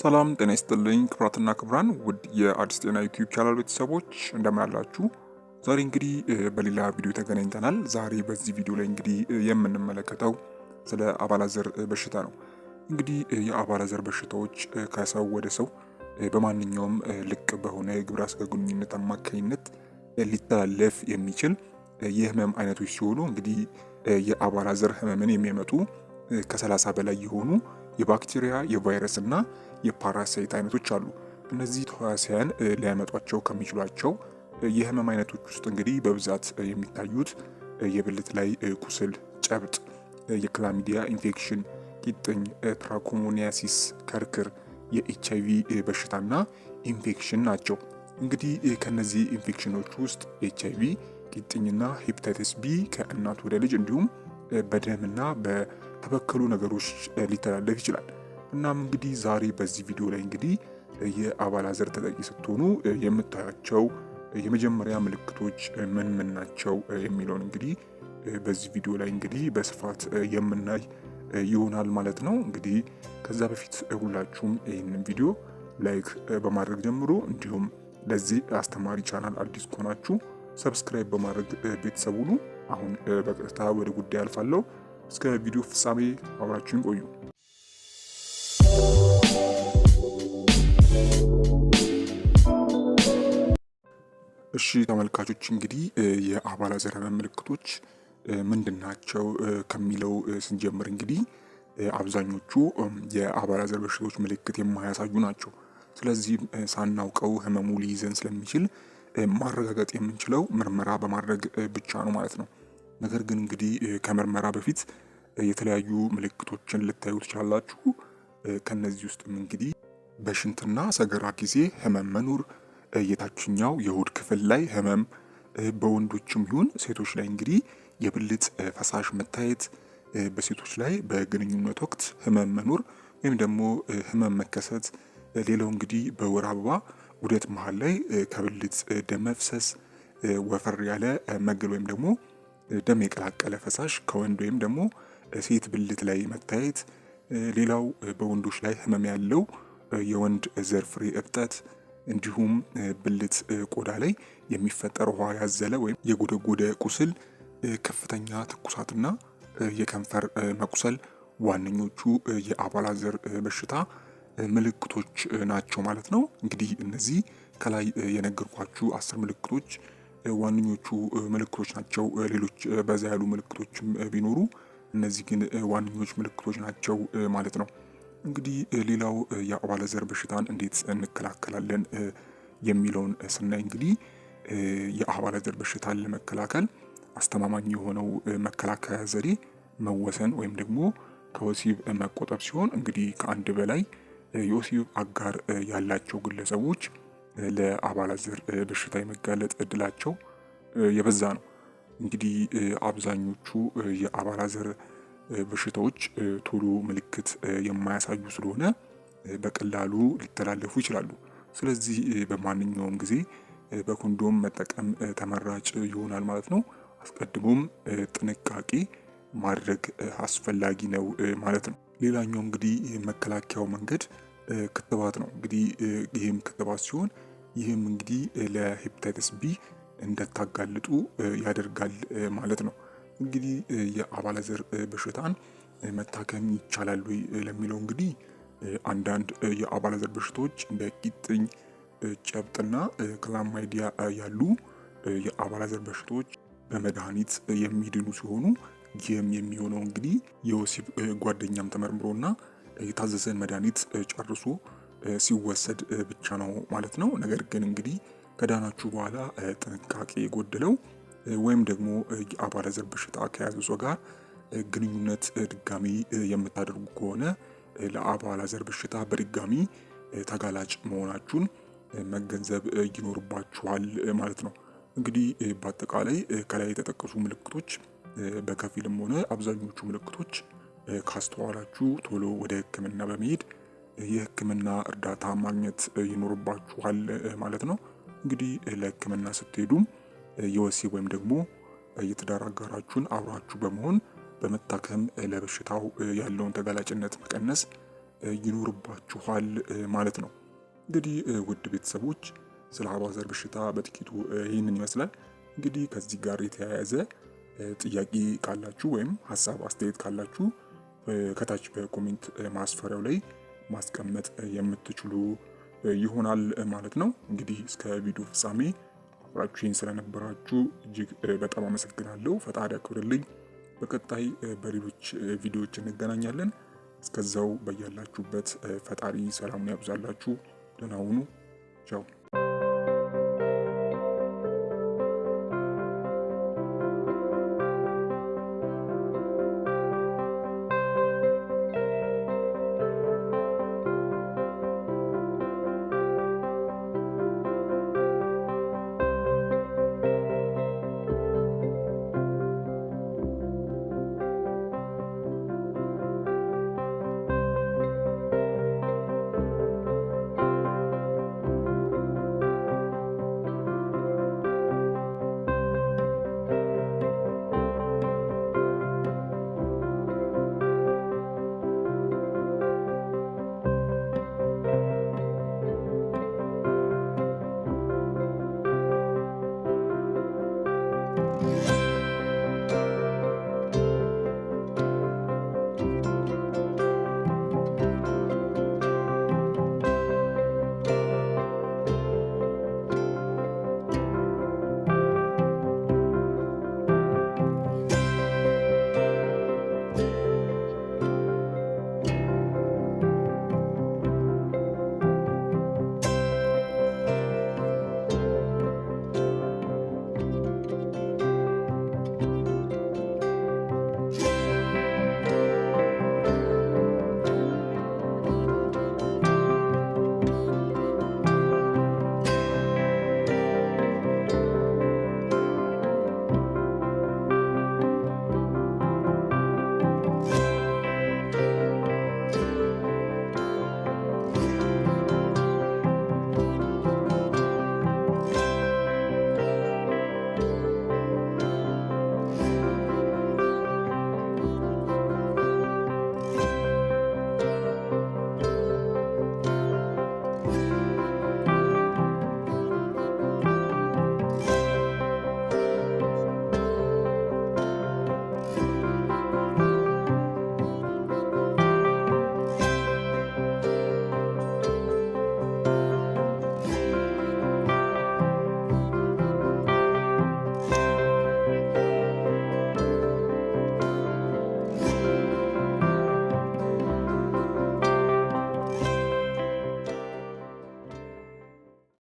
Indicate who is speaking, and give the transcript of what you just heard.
Speaker 1: ሰላም ጤና ይስጥልኝ ክብራትና ክብራን ውድ የአዲስ ጤና ዩቲዩብ ቻናል ቤተሰቦች እንደምን አላችሁ? ዛሬ እንግዲህ በሌላ ቪዲዮ ተገናኝተናል። ዛሬ በዚህ ቪዲዮ ላይ እንግዲህ የምንመለከተው ስለ አባላዘር በሽታ ነው። እንግዲህ የአባላዘር በሽታዎች ከሰው ወደ ሰው በማንኛውም ልቅ በሆነ የግብረ ሥጋ ግንኙነት አማካኝነት ሊተላለፍ የሚችል የህመም አይነቶች ሲሆኑ እንግዲህ የአባላዘር ህመምን የሚያመጡ ከሰላሳ በላይ የሆኑ የባክቴሪያ የቫይረስና የፓራሳይት አይነቶች አሉ። እነዚህ ተዋሲያን ሊያመጧቸው ከሚችሏቸው የህመም አይነቶች ውስጥ እንግዲህ በብዛት የሚታዩት የብልት ላይ ቁስል፣ ጨብጥ፣ የክላሚዲያ ኢንፌክሽን፣ ቂጥኝ፣ ትራኮሞኒያሲስ፣ ከርክር፣ የኤች አይቪ በሽታና ኢንፌክሽን ናቸው። እንግዲህ ከነዚህ ኢንፌክሽኖች ውስጥ ኤችይቪ ቂጥኝና ሄፓታይተስ ቢ ከእናት ወደ ልጅ እንዲሁም በደምና በ ተበከሉ ነገሮች ሊተላለፍ ይችላል። እናም እንግዲህ ዛሬ በዚህ ቪዲዮ ላይ እንግዲህ የአባላዘር ተጠቂ ስትሆኑ የምታያቸው የመጀመሪያ ምልክቶች ምን ምን ናቸው የሚለውን እንግዲህ በዚህ ቪዲዮ ላይ እንግዲህ በስፋት የምናይ ይሆናል ማለት ነው። እንግዲህ ከዛ በፊት ሁላችሁም ይህንን ቪዲዮ ላይክ በማድረግ ጀምሮ እንዲሁም ለዚህ አስተማሪ ቻናል አዲስ ከሆናችሁ ሰብስክራይብ በማድረግ ቤተሰብ አሁን በቀጥታ ወደ ጉዳይ አልፋለሁ። እስከ ቪዲዮ ፍጻሜ አብራችሁን ቆዩ። እሺ ተመልካቾች እንግዲህ የአባላ ዘረመ ምልክቶች ምንድን ናቸው ከሚለው ስንጀምር እንግዲህ አብዛኞቹ የአባላ ዘር በሽታዎች ምልክት የማያሳዩ ናቸው። ስለዚህ ሳናውቀው ህመሙ ሊይዘን ስለሚችል ማረጋገጥ የምንችለው ምርመራ በማድረግ ብቻ ነው ማለት ነው። ነገር ግን እንግዲህ ከምርመራ በፊት የተለያዩ ምልክቶችን ልታዩ ትችላላችሁ። ከነዚህ ውስጥም እንግዲህ በሽንትና ሰገራ ጊዜ ህመም መኖር፣ የታችኛው የሆድ ክፍል ላይ ህመም፣ በወንዶችም ይሁን ሴቶች ላይ እንግዲህ የብልት ፈሳሽ መታየት፣ በሴቶች ላይ በግንኙነት ወቅት ህመም መኖር ወይም ደግሞ ህመም መከሰት። ሌላው እንግዲህ በወር አበባ ዑደት መሀል ላይ ከብልት ደም መፍሰስ፣ ወፈር ያለ መግል ወይም ደግሞ ደም የቀላቀለ ፈሳሽ ከወንድ ወይም ደግሞ ሴት ብልት ላይ መታየት፣ ሌላው በወንዶች ላይ ህመም ያለው የወንድ ዘር ፍሬ እብጠት እንዲሁም ብልት ቆዳ ላይ የሚፈጠር ውሃ ያዘለ ወይም የጎደጎደ ቁስል፣ ከፍተኛ ትኩሳትና የከንፈር መቁሰል ዋነኞቹ የአባላት ዘር በሽታ ምልክቶች ናቸው ማለት ነው። እንግዲህ እነዚህ ከላይ የነገርኳችሁ አስር ምልክቶች ዋነኞቹ ምልክቶች ናቸው። ሌሎች በዛ ያሉ ምልክቶችም ቢኖሩ እነዚህ ግን ዋነኞች ምልክቶች ናቸው ማለት ነው። እንግዲህ ሌላው የአባለ ዘር በሽታን እንዴት እንከላከላለን የሚለውን ስናይ እንግዲህ የአባለ ዘር በሽታን ለመከላከል አስተማማኝ የሆነው መከላከያ ዘዴ መወሰን ወይም ደግሞ ከወሲብ መቆጠብ ሲሆን እንግዲህ ከአንድ በላይ የወሲብ አጋር ያላቸው ግለሰቦች ለአባላት በሽታ የመጋለጥ እድላቸው የበዛ ነው። እንግዲህ አብዛኞቹ የአባላት ዘር በሽታዎች ቶሎ ምልክት የማያሳዩ ስለሆነ በቀላሉ ሊተላለፉ ይችላሉ። ስለዚህ በማንኛውም ጊዜ በኮንዶም መጠቀም ተመራጭ ይሆናል ማለት ነው። አስቀድሞም ጥንቃቄ ማድረግ አስፈላጊ ነው ማለት ነው። ሌላኛው እንግዲህ መከላከያው መንገድ ክትባት ነው። እንግዲህ ይህም ክትባት ሲሆን ይህም እንግዲህ ለሄፕታይተስ ቢ እንደታጋልጡ ያደርጋል ማለት ነው። እንግዲህ የአባለዘር በሽታን መታከም ይቻላል ወይ ለሚለው እንግዲህ አንዳንድ የአባለዘር በሽታዎች እንደ ቂጥኝ፣ ጨብጥና ክላማይዲያ ያሉ የአባለዘር በሽታዎች በመድኃኒት የሚድኑ ሲሆኑ ይህም የሚሆነው እንግዲህ የወሲብ ጓደኛም ተመርምሮና የታዘዘን መድኃኒት ጨርሶ ሲወሰድ ብቻ ነው ማለት ነው። ነገር ግን እንግዲህ ከዳናችሁ በኋላ ጥንቃቄ የጎደለው ወይም ደግሞ የአባለዘር በሽታ ከያዘ ሰው ጋር ግንኙነት ድጋሚ የምታደርጉ ከሆነ ለአባለዘር በሽታ በድጋሚ ተጋላጭ መሆናችሁን መገንዘብ ይኖርባችኋል ማለት ነው። እንግዲህ በአጠቃላይ ከላይ የተጠቀሱ ምልክቶች በከፊልም ሆነ አብዛኞቹ ምልክቶች ካስተዋላችሁ ቶሎ ወደ ህክምና በመሄድ የህክምና እርዳታ ማግኘት ይኖርባችኋል ማለት ነው። እንግዲህ ለህክምና ስትሄዱም የወሲብ ወይም ደግሞ የትዳር አጋራችሁን አብራችሁ በመሆን በመታከም ለበሽታው ያለውን ተጋላጭነት መቀነስ ይኖርባችኋል ማለት ነው። እንግዲህ ውድ ቤተሰቦች ስለ አባዘር በሽታ በጥቂቱ ይህንን ይመስላል። እንግዲህ ከዚህ ጋር የተያያዘ ጥያቄ ካላችሁ ወይም ሀሳብ አስተያየት ካላችሁ ከታች በኮሜንት ማስፈሪያው ላይ ማስቀመጥ የምትችሉ ይሆናል ማለት ነው። እንግዲህ እስከ ቪዲዮ ፍጻሜ አብራችሁን ስለነበራችሁ እጅግ በጣም አመሰግናለሁ። ፈጣሪ ያክብርልኝ። በቀጣይ በሌሎች ቪዲዮዎች እንገናኛለን። እስከዛው በያላችሁበት ፈጣሪ ሰላሙን ያብዛላችሁ። ደህና ሁኑ። ቻው